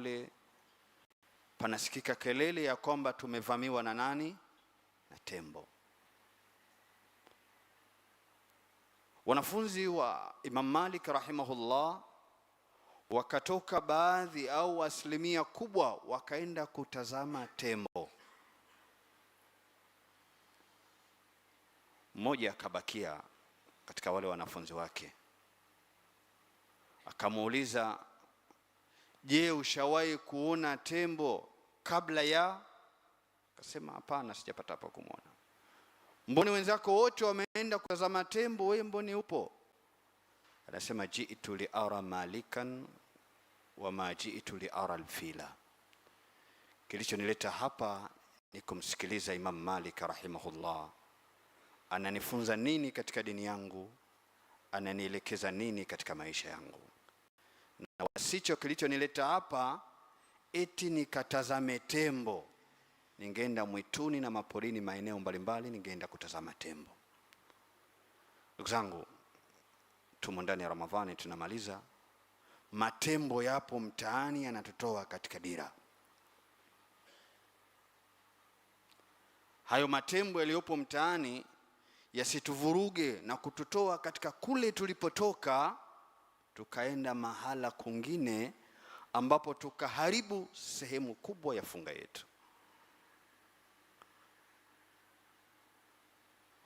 ule panasikika kelele ya kwamba tumevamiwa na nani? Na tembo. Wanafunzi wa Imam Malik rahimahullah wakatoka baadhi au asilimia kubwa wakaenda kutazama tembo, mmoja akabakia katika wale wanafunzi wake, akamuuliza Je, ushawahi kuona tembo kabla ya? Akasema hapana, sijapata hapa kumwona. Mboni wenzako wote wameenda kutazama tembo, wewe mboni upo? Anasema jiitu li ara malikan wama jiitu li ara alfila, kilichonileta hapa ni kumsikiliza Imam Malik rahimahullah. Ananifunza nini katika dini yangu? Ananielekeza nini katika maisha yangu? na wasicho kilichonileta hapa eti nikatazame tembo. Ningeenda mwituni na maporini maeneo mbalimbali, ningeenda kutazama tembo. Ndugu zangu, tumo ndani ya Ramadhani, tunamaliza. Matembo yapo mtaani, yanatutoa katika dira. Hayo matembo yaliyopo mtaani yasituvuruge na kututoa katika kule tulipotoka tukaenda mahala kungine ambapo tukaharibu sehemu kubwa ya funga yetu.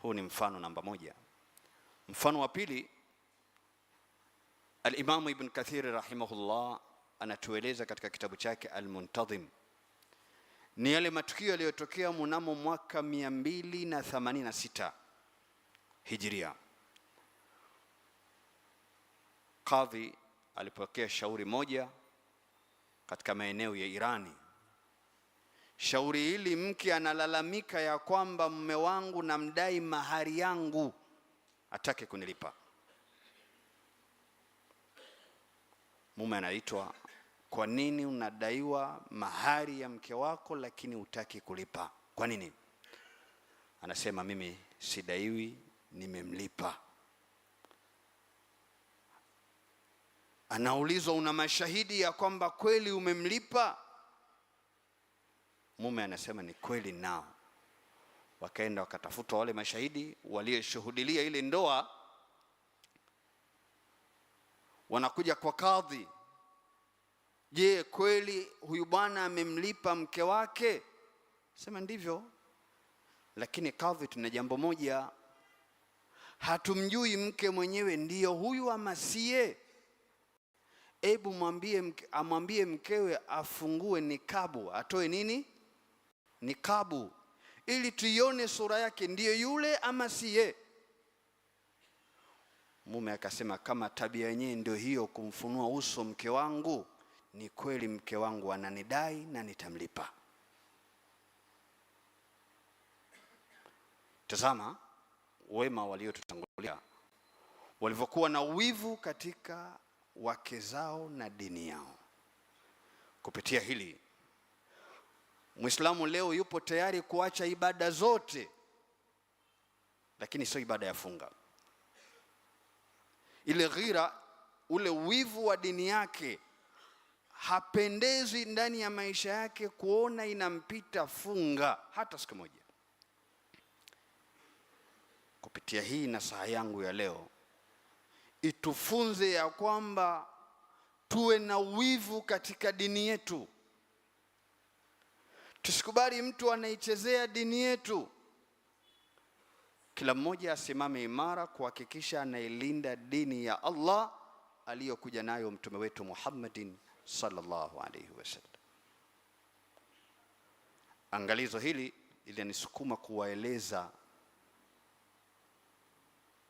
Huu ni mfano namba moja. Mfano wa pili, Alimamu Ibn Kathiri rahimahullah anatueleza katika kitabu chake Almuntadhim ni yale matukio yaliyotokea mnamo mwaka 286 hijiria Kadhi alipokea shauri moja katika maeneo ya Irani. Shauri hili, mke analalamika ya kwamba mume wangu namdai mahari yangu, atake kunilipa. Mume anaitwa, kwa nini unadaiwa mahari ya mke wako lakini hutaki kulipa? Kwa nini? Anasema mimi sidaiwi, nimemlipa Anaulizwa, una mashahidi ya kwamba kweli umemlipa? Mume anasema ni kweli nao. Wakaenda wakatafuta wale mashahidi walioshuhudilia ile ndoa, wanakuja kwa kadhi. Je, kweli huyu bwana amemlipa mke wake? Sema ndivyo. Lakini kadhi, tuna jambo moja, hatumjui mke mwenyewe ndiyo huyu ama siye hebu mwambie, amwambie mkewe afungue nikabu, atoe nini nikabu, ili tuione sura yake, ndiyo yule ama siye. Mume akasema kama tabia yenyewe ndio hiyo, kumfunua uso mke wangu, ni kweli mke wangu ananidai na nitamlipa. Tazama wema waliotutangulia walivyokuwa na uwivu katika wake zao na dini yao. Kupitia hili, Mwislamu leo yupo tayari kuacha ibada zote, lakini sio ibada ya funga. Ile ghira, ule wivu wa dini yake, hapendezi ndani ya maisha yake kuona inampita funga hata siku moja. Kupitia hii nasaha yangu ya leo itufunze ya kwamba tuwe na wivu katika dini yetu. Tusikubali mtu anaichezea dini yetu. Kila mmoja asimame imara kuhakikisha anailinda dini ya Allah aliyokuja nayo mtume wetu Muhammadin sallallahu alaihi wasallam. Angalizo hili linanisukuma kuwaeleza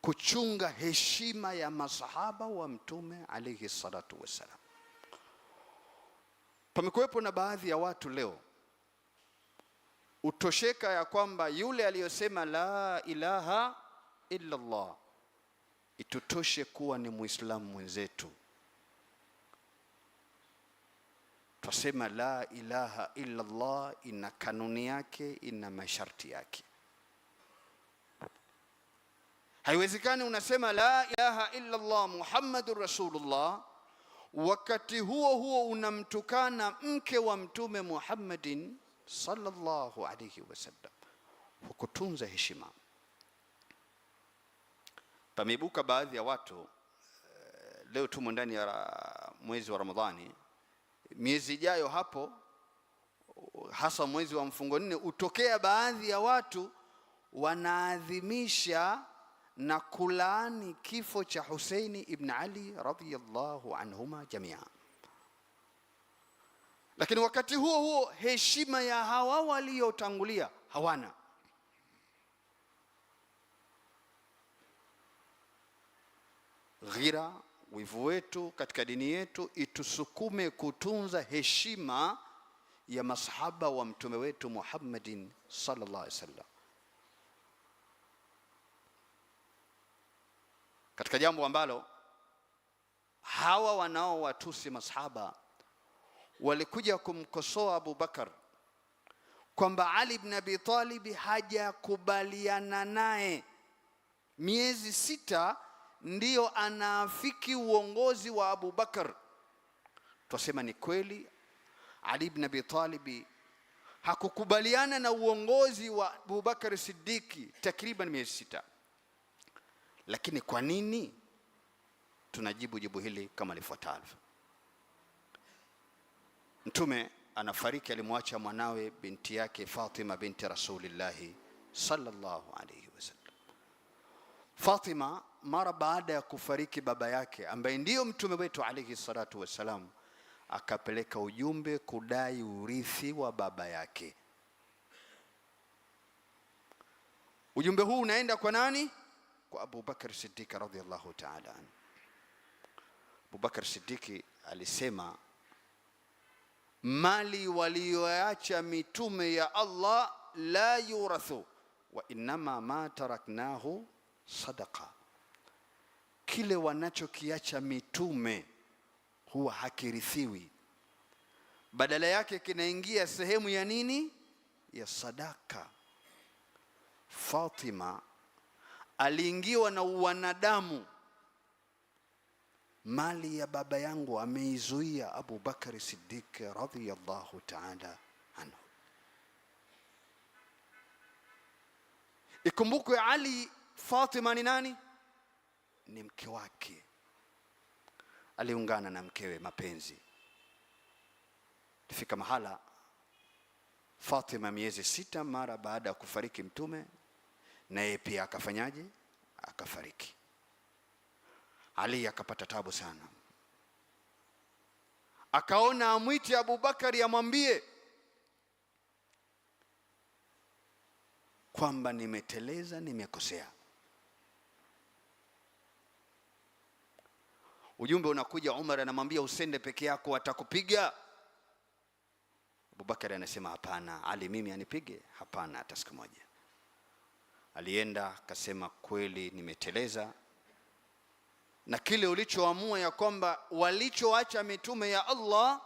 kuchunga heshima ya masahaba wa Mtume alaihi salatu wassalam. Pamekuwepo na baadhi ya watu leo utosheka ya kwamba yule aliyosema la ilaha illa Allah itutoshe kuwa ni Muislamu mwenzetu. Twasema la ilaha illa Allah ina kanuni yake, ina masharti yake. Haiwezekani unasema la ilaha illa Allah Muhammadur Rasulullah, wakati huo huo unamtukana mke wa Mtume Muhammadin sallallahu alayhi wasallam. Hukutunza heshima. Pameibuka baadhi ya watu eh, leo, tumo ndani ya mwezi wa Ramadhani, miezi ijayo hapo, hasa mwezi wa mfungo nne, utokea baadhi ya watu wanaadhimisha na kulaani kifo cha Huseini ibn Ali radhiyallahu anhuma jamia. Lakini wakati huo huo heshima ya hawa waliotangulia hawana. Ghira, wivu wetu katika dini yetu itusukume kutunza heshima ya masahaba wa mtume wetu Muhammadin sallallahu alaihi wasallam. katika jambo ambalo hawa wanaowatusi masahaba walikuja kumkosoa Abu Bakar kwamba Ali ibn Abi Talib hajakubaliana naye miezi sita ndiyo anaafiki uongozi wa Abu Bakar. Twasema ni kweli, Ali ibn Abi Talib hakukubaliana na uongozi wa Abu Bakar Siddiqi takriban miezi sita. Lakini kwa nini? Tunajibu jibu hili kama lifuatavyo. Mtume anafariki, alimwacha mwanawe binti yake Fatima binti Rasulillahi sallallahu alayhi wasallam. Fatima mara baada ya kufariki baba yake ambaye ndiyo mtume wetu alayhi salatu wassalam, akapeleka ujumbe kudai urithi wa baba yake. Ujumbe huu unaenda kwa nani? kwa Abu Bakr radhiallahu taala anhu. Abu Bakr alisema mali walioacha mitume ya Allah la yurathu wa innama ma taraknahu sadaqa, kile wanachokiacha mitume huwa hakirithiwi, badala yake kinaingia sehemu ya nini? Ya sadaka. Fatima aliingiwa na uwanadamu. Mali ya baba yangu ameizuia Abu Bakari Siddiq radhiyallahu ta'ala anhu. Ikumbukwe Ali, Fatima ni nani? Ni mke wake, aliungana na mkewe mapenzi. Fika mahala Fatima, miezi sita mara baada ya kufariki Mtume yeye pia akafanyaje? Akafariki. Ali akapata tabu sana, akaona amwite Abubakari amwambie kwamba nimeteleza, nimekosea. Ujumbe unakuja, Umar anamwambia usende peke yako, atakupiga Abubakari anasema hapana, Ali mimi anipige? Hapana, hata siku moja alienda akasema, kweli nimeteleza, na kile ulichoamua ya kwamba walichoacha mitume ya Allah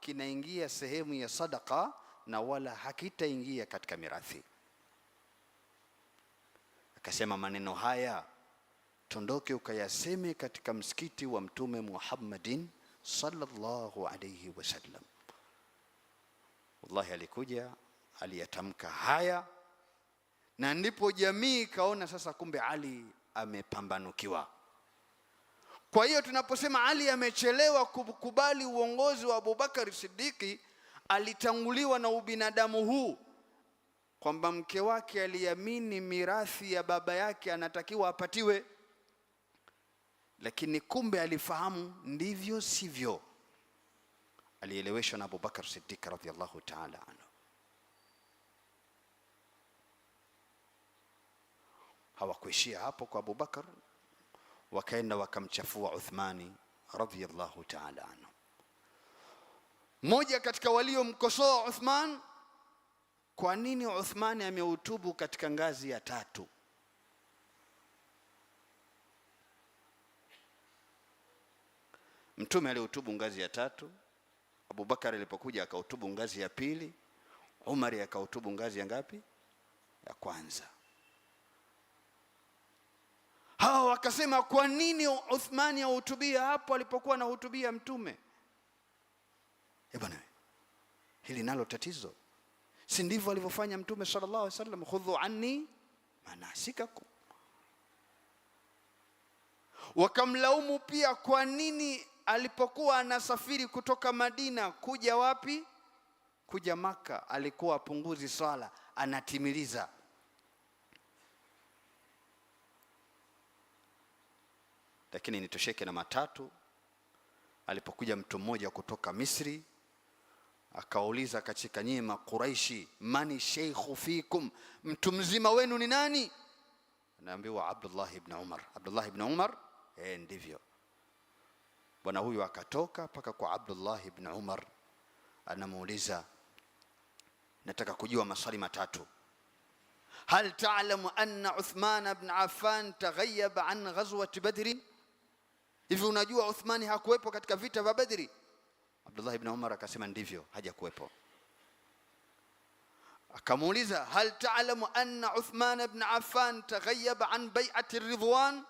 kinaingia sehemu ya sadaka na wala hakitaingia katika mirathi. Akasema maneno haya tondoke ukayaseme katika msikiti wa Mtume Muhammadin sallallahu alayhi wasallam. Wallahi, alikuja aliyatamka haya na ndipo jamii ikaona sasa, kumbe Ali amepambanukiwa. Kwa hiyo tunaposema Ali amechelewa kukubali uongozi wa Abubakar Siddiki, alitanguliwa na ubinadamu huu kwamba mke wake aliamini mirathi ya baba yake anatakiwa apatiwe, lakini kumbe alifahamu ndivyo sivyo. Alieleweshwa na Abubakar Siddiq radhiyallahu ta'ala anhu. Hawakuishia hapo kwa Abubakar, wakaenda wakamchafua Uthmani radhiyallahu ta'ala anhu. Mmoja katika waliomkosoa Uthman, kwa nini Uthmani ameutubu katika ngazi ya tatu? Mtume aliutubu ngazi ya tatu, abubakari alipokuja akautubu ngazi ya pili, Umari akautubu ngazi ya ngapi? Ya kwanza hao wakasema, kwa nini Uthmani ahutubia hapo alipokuwa anahutubia Mtume? E bwana, hili nalo tatizo, si ndivyo alivyofanya Mtume sallallahu alaihi wasallam, khudhu anni manasikakum. Wakamlaumu pia kwa nini alipokuwa anasafiri kutoka Madina kuja wapi, kuja Maka, alikuwa apunguzi swala anatimiliza lakini nitosheke na matatu. Alipokuja mtu mmoja kutoka Misri akauliza katika nyinyi Makuraishi, mani sheikhu fikum, mtu mzima wenu ni nani? Anaambiwa Abdullah ibn Umar. Abdullah ibn Umar, eh, ndivyo bwana huyu. Akatoka mpaka kwa Abdullah ibn Umar, anamuuliza nataka kujua maswali matatu. Hal ta'lamu anna Uthman ibn Affan taghayaba an ghazwati badrin Hivi unajua Uthmani hakuwepo katika vita vya Badri? Abdullah ibn Umar akasema ndivyo, hajakuwepo. Akamuuliza, hal talamu anna Uthman ibn Affan taghayaba an bai'ati Ridwan?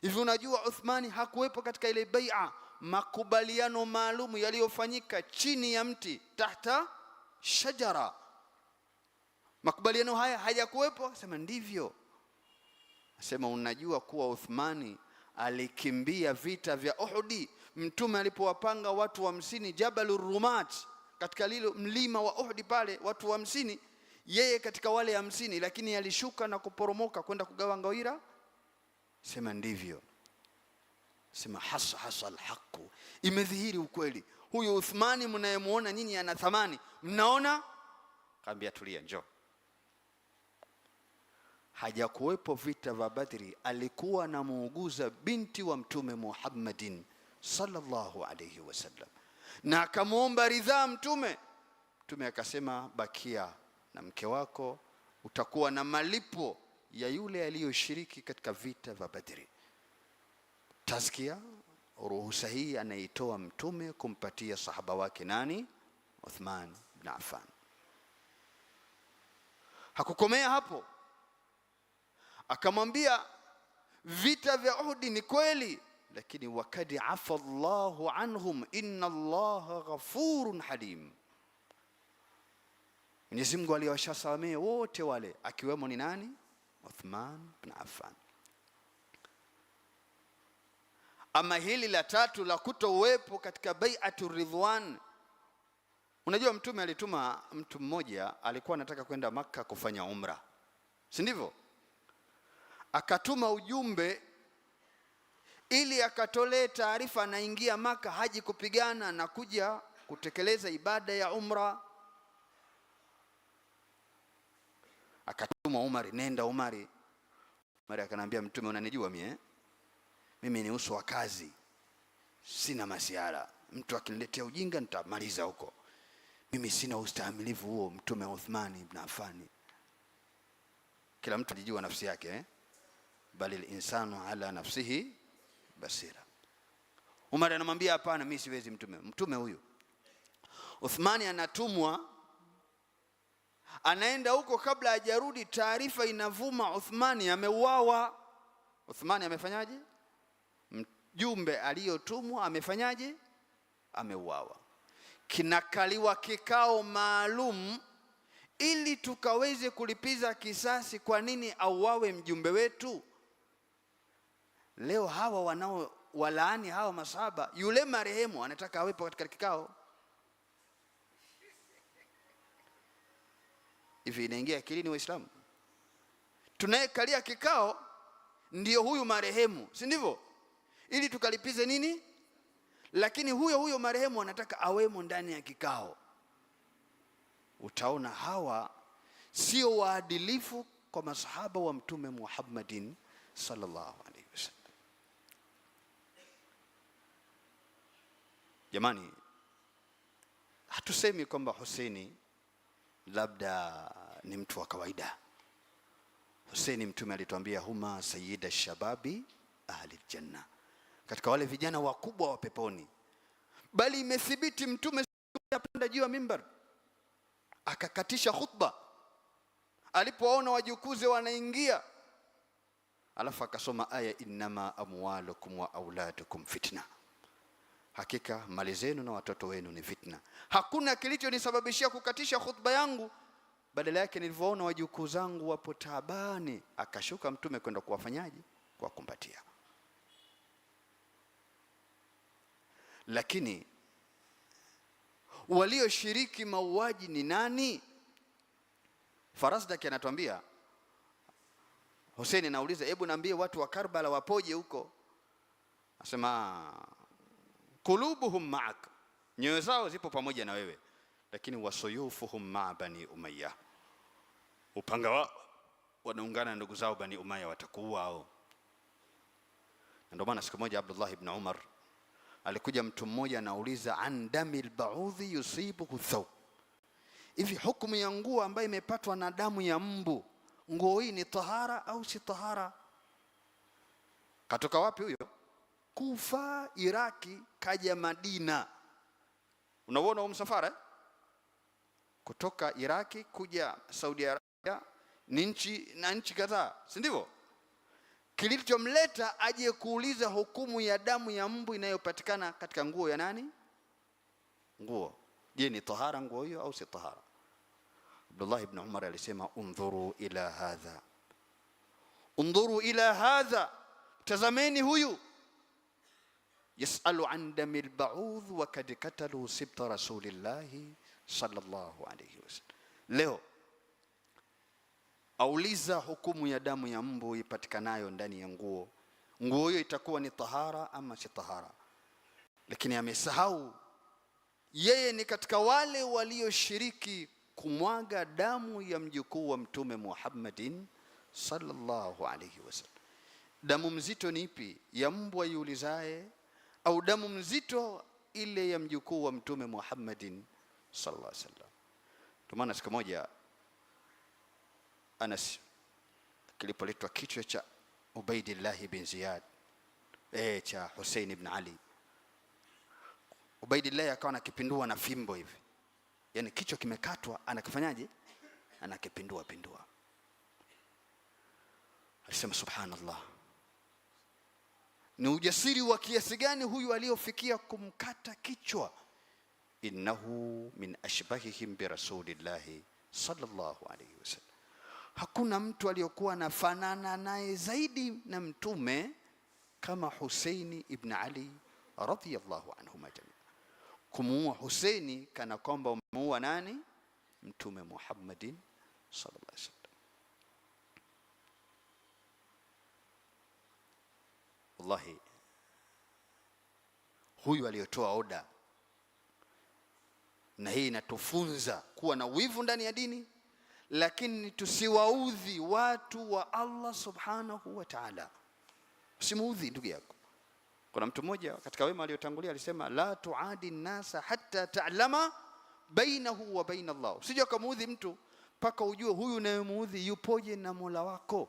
Hivi unajua Uthmani hakuwepo katika ile bai'a, makubaliano maalum yaliyofanyika chini ya mti, tahta shajara. Makubaliano haya hajakuwepo? Sema ndivyo. Asema unajua kuwa Uthmani alikimbia vita vya Uhudi. Mtume alipowapanga watu hamsini Jabal Rumat, katika lilo mlima wa Uhudi pale, watu hamsini yeye katika wale hamsini, lakini alishuka na kuporomoka kwenda kugawa ngawira. Sema ndivyo, sema hasa hasa alhaqu, imedhihiri ukweli. Huyu Uthmani mnayemwona nyinyi ana thamani, mnaona kaambia, tulia, njoo hajakuwepo vita vya Badri, alikuwa anamuuguza binti wa Mtume Muhammadin sallallahu alayhi wasallam, na akamwomba ridhaa Mtume. Mtume akasema, bakia na mke wako, utakuwa na malipo ya yule aliyoshiriki katika vita vya Badri. Tazkia, ruhusa hii anaitoa Mtume kumpatia sahaba wake nani? Uthman bin Affan. Hakukomea hapo Akamwambia, vita vya Uhudi ni kweli, lakini wakad afa Allahu anhum inna Allaha ghafurun halim, Mwenyezi Mungu aliwashasamehe wote wale, akiwemo ni nani? Uthman bin Affan. Ama hili la tatu la kutowepo katika bai'atu ridwan, unajua Mtume alituma mtu mmoja alikuwa anataka kwenda Makka kufanya umra, si ndivyo? akatuma ujumbe ili akatolee taarifa anaingia Maka, haji kupigana na kuja kutekeleza ibada ya umra. Akatuma Umari, nenda Umari. Umari akanambia Mtume, unanijua mie, mimi ni uso wa kazi, sina masiara. Mtu akiniletea ujinga nitamaliza huko, mimi sina ustahimilivu huo. Mtume wa Uthmani ibn Affani, kila mtu alijua nafsi yake eh? bali linsanu ala nafsihi basira. Umar anamwambia hapana, mimi siwezi mtume. Mtume huyu Uthmani anatumwa anaenda huko, kabla hajarudi taarifa inavuma, Uthmani ameuawa. Uthmani amefanyaje? Mjumbe aliyotumwa amefanyaje? Ameuawa. Kinakaliwa kikao maalum ili tukaweze kulipiza kisasi. Kwa nini auawe mjumbe wetu? Leo hawa wanao walaani hawa masahaba, yule marehemu anataka awepo katika kikao hivi. Inaingia akilini Waislamu? Tunayekalia kikao ndiyo huyu marehemu, si ndivyo? Ili tukalipize nini? Lakini huyo huyo marehemu anataka awemo ndani ya kikao. Utaona hawa sio waadilifu kwa masahaba wa Mtume Muhammadin sallallahu alaihi wasallam. Jamani, hatusemi kwamba Hussein labda ni mtu wa kawaida. Hussein, Mtume alituambia huma sayyida shababi ahli janna, katika wale vijana wakubwa wa peponi. Bali imethibiti Mtume apanda juu ya mimbar akakatisha khutba alipoona wajukuze wanaingia, alafu akasoma aya innama amwalukum wa auladukum fitna hakika mali zenu na watoto wenu ni fitna. Hakuna kilichonisababishia kukatisha khutba yangu, badala yake nilivyoona wajukuu zangu wapo taabani, akashuka Mtume kwenda kuwafanyaji, kuwakumbatia. Lakini walioshiriki mauaji ni nani? Farasdaki anatuambia Hussein, nauliza hebu niambie watu wa Karbala wapoje huko? asema kulubuhum maak, nyoyo zao zipo pamoja na wewe, lakini wasuyufuhum maa bani Umayya, upanga wao wanaungana na ndugu zao bani Umayya, watakuua hao. Ndio maana siku moja Abdullah ibn Umar alikuja mtu mmoja anauliza, an damil baudhi yusibuhu thawb, hivi hukumu ya nguo ambayo imepatwa na damu ya mbu, nguo hii ni tahara au si tahara? Katoka wapi huyo? Kufa Iraki, kaja Madina. Unauona huo msafara eh? Kutoka Iraki kuja Saudi Arabia ni nchi na nchi kadhaa, si ndivyo? Kilichomleta aje kuuliza hukumu ya damu ya mbu inayopatikana katika nguo ya nani? Nguo. Je, ni tahara nguo hiyo au si tahara? Abdullah ibn Umar alisema undhuru ila hadha, undhuru ila hadha, tazameni huyu yasalu an dami lbaudh wakad katalu sibta rasulillahi sallallahu alayhi wasallam. Leo auliza hukumu ya damu ya mbu ipatikanayo ndani ya nguo, nguo hiyo itakuwa ni tahara ama si tahara? Lakini amesahau yeye ni katika wale walioshiriki kumwaga damu ya mjukuu wa Mtume Muhammadin sallallahu alayhi wasallam. Damu mzito ni ipi? Ya mbwa yuulizaye au damu mzito ile ya mjukuu wa Mtume Muhammadin sallallahu alaihi wasallam. Ndio maana siku moja Anas kilipoletwa kichwa cha Ubaidillah bin Ziyad e, cha Hussein ibn Ali, Ubaidillah akawa anakipindua na fimbo hivi, yani kichwa kimekatwa, anakifanyaje? Anakipindua pindua, alisema subhanallah ni ujasiri wa kiasi gani huyu aliyofikia kumkata kichwa? Innahu min ashbahihim bi rasulillahi sallallahu alayhi wasallam, hakuna mtu aliyokuwa anafanana naye zaidi na mtume kama Huseini ibn Ali radhiyallahu anhu jamia. Kumuua Huseini kana kwamba umemuua nani? Mtume Muhammadin sallallahu alayhi wasallam. Wallahi, huyu aliyotoa oda, na hii inatufunza kuwa na wivu ndani ya dini, lakini tusiwaudhi watu wa Allah subhanahu wa ta'ala. Usimuudhi ndugu yako. Kuna mtu mmoja katika wema aliyotangulia alisema, la tuadi nasa hatta ta'lama bainahu wa baina Allah, usije ukamuudhi mtu mpaka ujue huyu unayemuudhi yupoje na Mola wako.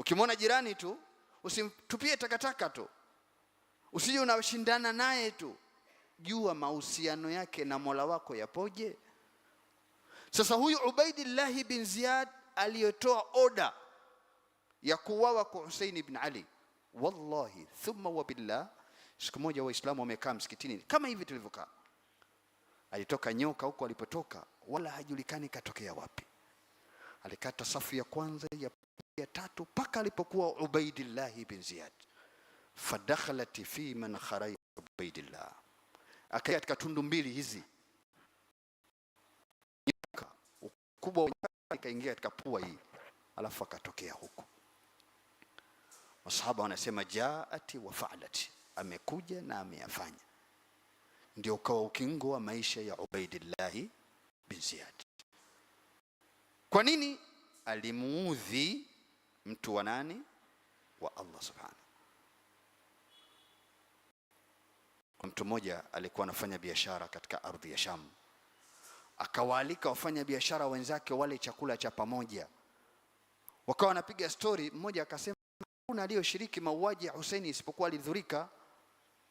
Ukimwona jirani tu usimtupie takataka tu, usije unashindana naye tu. Jua mahusiano yake na Mola wako yapoje. Sasa huyu Ubaidillah bin Ziyad aliyotoa oda ya kuuawa kwa Husein ibn Ali, wallahi thumma wabillah, siku moja Waislamu wamekaa msikitini kama hivi tulivyokaa, alitoka nyoka huko alipotoka, wala hajulikani katokea wapi, alikata safu ya kwanza ya ya tatu mpaka alipokuwa Ubaidillah bin Ziyad, fadakhalat fi man kharaj Ubaidillah, akaja katika tundu mbili hizi, ukubwa ikaingia katika pua hii, alafu akatokea huku. Masahaba wanasema jaati wa faalati, amekuja na ameyafanya. Ndio ukawa ukingo wa maisha ya Ubaidillah bin Ziyad. Kwa nini alimuudhi mtu wa nani? Wa Allah subhanahu. Mtu mmoja alikuwa anafanya biashara katika ardhi ya Sham, akawaalika wafanya biashara wenzake wale chakula cha pamoja, wakawa wanapiga stori. Mmoja akasema hakuna aliyoshiriki mauaji ya Husaini isipokuwa alidhurika.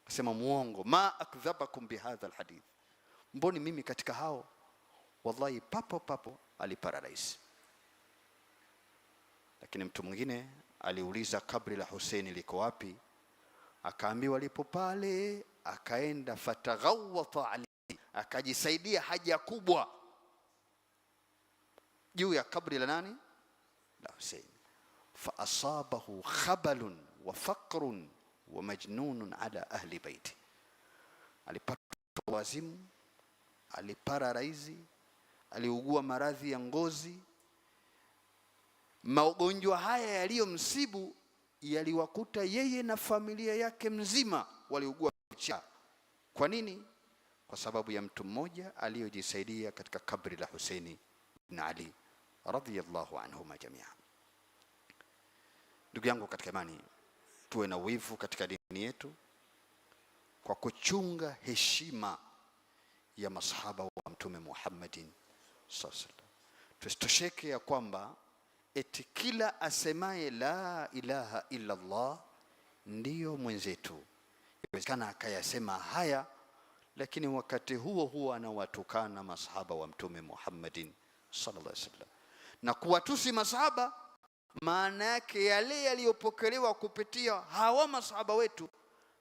Akasema muongo, ma akdhabakum bihadha alhadith, mboni mimi katika hao? Wallahi papo papo aliparalise. Lakini mtu mwingine aliuliza kabri la Huseini liko wapi? Akaambiwa lipo pale. Akaenda fataghawata alayhi, akajisaidia haja kubwa juu ya kabri la nani? La Huseini. Fa asabahu khabalun wa faqrun wa majnunun ala ahli baiti, alipata wazimu, alipararaizi, aliugua maradhi ya ngozi Magonjwa haya yaliyomsibu yaliwakuta yeye na familia yake mzima, waliugua njaa. Kwa nini? Kwa sababu ya mtu mmoja aliyojisaidia katika kabri la Huseini bin Ali radhiyallahu anhuma jamia. Ndugu yangu katika imani, tuwe na wivu katika dini yetu kwa kuchunga heshima ya masahaba wa Mtume Muhammadin sallallahu alaihi wasallam. Tusitosheke ya kwamba eti kila asemaye la ilaha illa Allah ndiyo mwenzetu. Inawezekana akayasema haya, lakini wakati huo huo anawatukana masahaba wa Mtume Muhammadin sallallahu alaihi wasallam, na kuwatusi masahaba maana yake yale yaliyopokelewa kupitia hawa masahaba wetu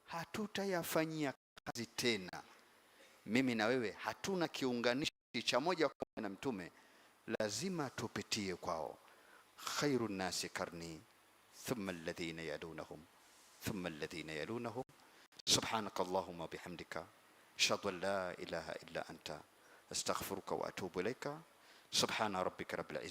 hatutayafanyia kazi tena. Mimi na wewe hatuna kiunganishi cha moja kwa moja na Mtume, lazima tupitie kwao. خير الناس كرني ثم الذين يلونهم ثم الذين يلونهم سبحانك اللهم وبحمدك أشهد أن لا إله إلا أنت أستغفرك وأتوب إليك سبحان ربك رب العزة